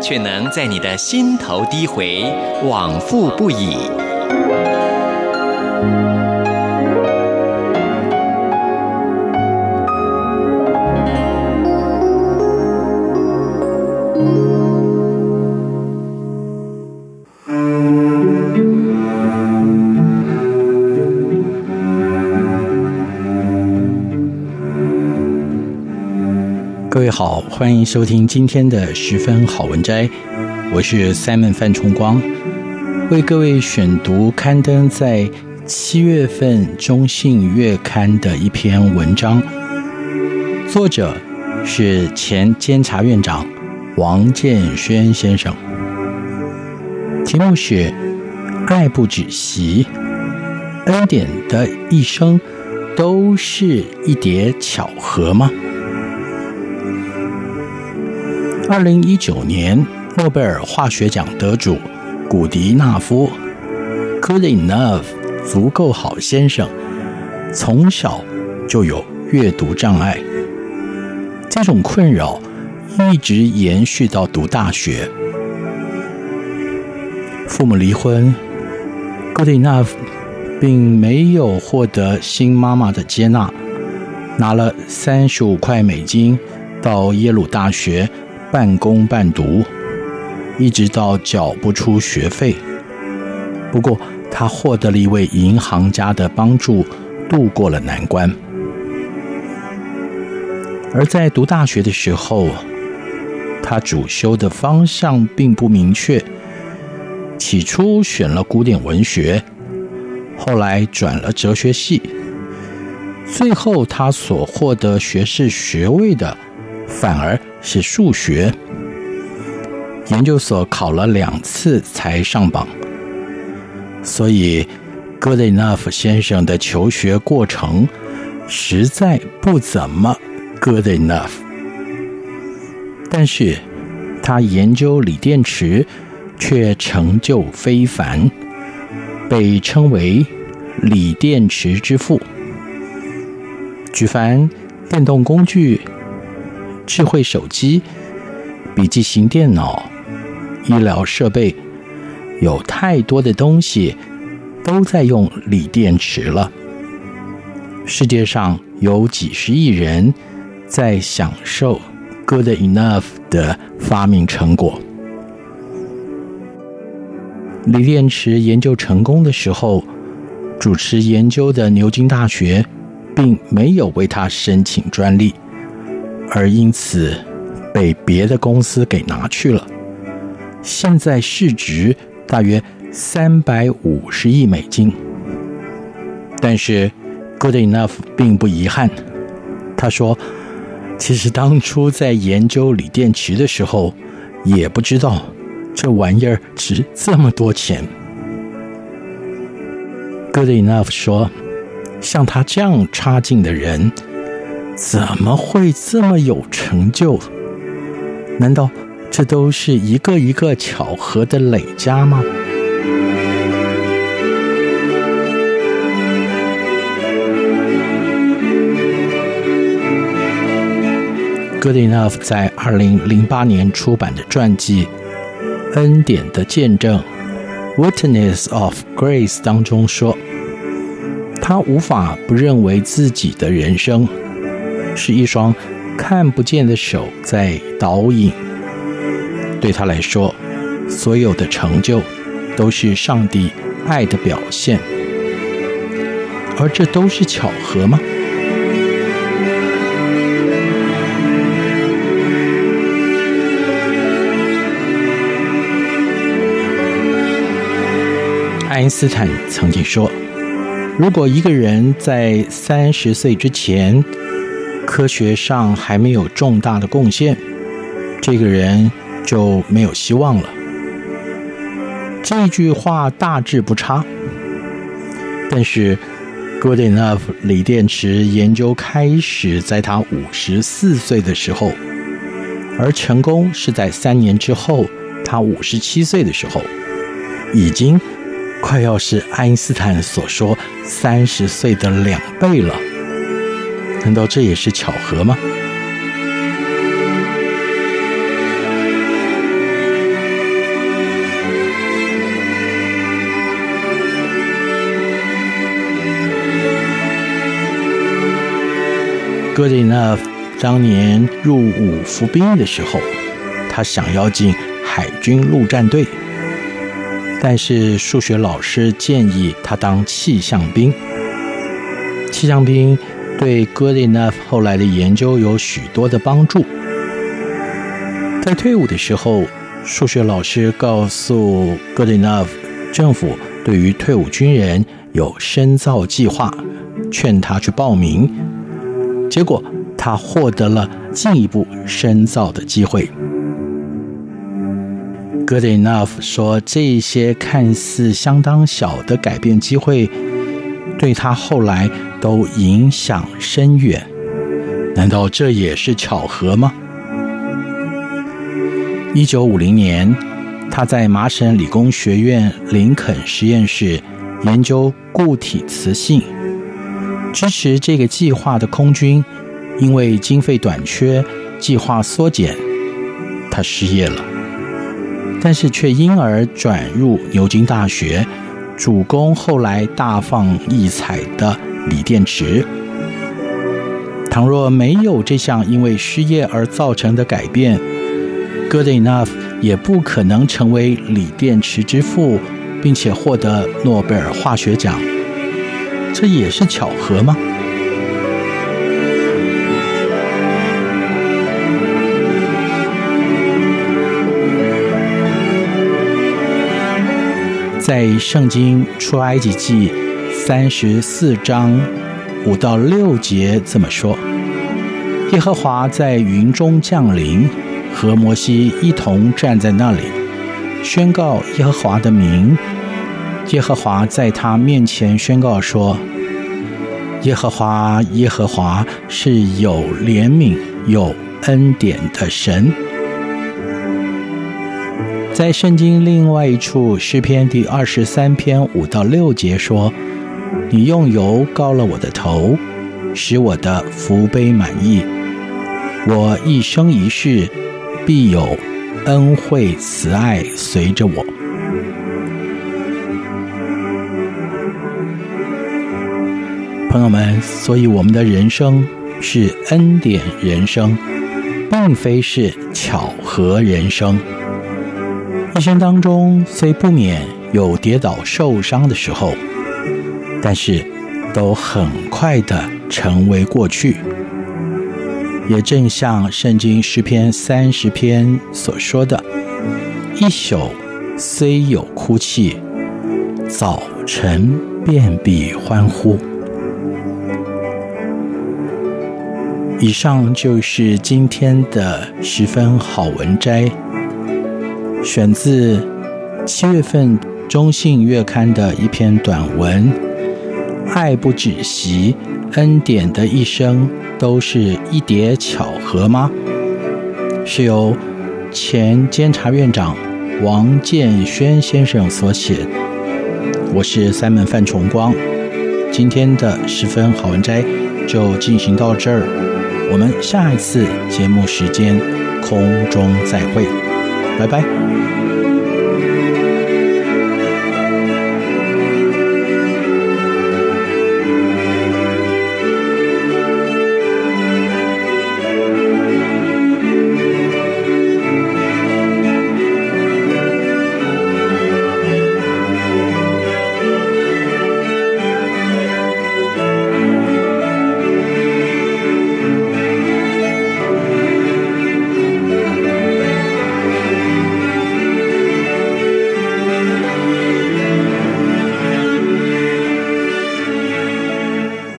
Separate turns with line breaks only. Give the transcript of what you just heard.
卻能在你的心頭低回，往復不已。各位好，歡迎收聽今天的十分好文摘。我是 Simon 范崇光，為各位選讀刊登在七月份中信月刊的一篇文章，作者是前監察院長王建煊先生，題目是《愛不止息，恩典的一生都是一疊巧合嗎？二零一九年諾貝爾化學獎得主古迪納夫 Good enough 足夠好先生，從小就有閱讀障礙，這種困擾一直延續到讀大學。父母離婚，Good enough 並沒有獲得新媽媽的接納，拿了三十五塊美金到耶魯大學。半工半讀，一直到繳不出學費。不過，他獲得了一位銀行家的幫助，渡過了難關。而在讀大學的時候，他主修的方向並不明確。起初選了古典文學，後來轉了哲學系，最後他所獲得學士學位的，反而。是數學，研究所考了兩次才上榜，所以，Good enough 先生的求學過程實在不怎麼 Good enough，但是，他研究鋰電池卻成就非凡，被稱為“鋰電池之父”。舉凡電動工具、智慧手機、筆記型電腦、醫療設備，有太多的東西都在用鋰電池了。世界上有幾十億人在享受 “Goodenough” 的發明成果。鋰電池研究成功的時候，主持研究的牛津大學並沒有為它申請專利。而因此，被別的公司給拿去了。現在市值大約三百五十億美金。但是，Goodenough 並不遺憾。他說：“其實當初在研究鋰電池的時候，也不知道這玩意兒值這麼多錢。”Goodenough 說：“像他這樣差勁的人。”怎麼會這麼有成就？難道這都是一個一個巧合的累加嗎？Goodenough 在二零零八年出版的傳記《恩典的見證》（Witness of Grace） 當中說，他無法不認為自己的人生，是一雙看不見的手在導引。對他來說，所有的成就都是上帝愛的表現。而這都是巧合嗎？愛因斯坦曾經說，如果一個人在三十歲之前，科學上還沒有重大的貢獻，這個人就沒有希望了。這句話大致不差，但是 Goodenough，鋰電池研究開始在他五十四歲的時候，而成功是在三年之後，他五十七歲的時候，已經快要是愛因斯坦所說，三十歲的兩倍了。難道這也是巧合嗎？Goodenough 當年入伍服兵役的時候，他想要進海軍陸戰隊，但是數學老師建議他當氣象兵，氣象兵。對 Goodenough 後來的研究有許多的幫助。在退伍的時候，數學老師告訴 Goodenough，政府對於退伍軍人有深造計劃，勸他去報名。結果他獲得了進一步深造的機會。Goodenough 說，這些看似相當小的改變機會，對他後來都影響深遠，難道這也是巧合嗎？一九五零年，他在麻省理工學院林肯實驗室研究固體磁性，支持這個計劃的空軍因為經費短缺，計劃縮減，他失業了，但是卻因而轉入牛津大學。主攻後來大放異彩的鋰電池。倘若沒有這項因為失業而造成的改變，Goodenough 也不可能成為鋰電池之父，並且獲得諾貝爾化學獎。這也是巧合嗎？在聖經出埃及記三十四章五到六節這麼說，耶和華在雲中降臨，和摩西一同站在那裡，宣告耶和華的名。耶和華在他面前宣告說：耶和華，耶和華是有憐憫，有恩典的神。在聖經另外一處詩篇第二十三篇五到六節說：“你用油膏了我的頭，使我的福杯滿溢。我一生一世必有恩惠慈愛隨着我。”朋友們，所以我們的人生是恩典人生，並非是巧合人生。一生當中雖不免有跌倒受傷的時候，但是都很快的成為過去。也正像聖經詩篇三十篇所說的：“一宿雖有哭泣，早晨便必歡呼。”以上就是今天的十分好文摘。選自七月份《中信月刊》的一篇短文，《愛不止息》，恩典的一生都是一疊巧合嗎？是由前監察院長王建煊先生所寫。我是三門范崇光，今天的十分好文摘就進行到這兒，我們下一次節目時間空中再會。拜拜。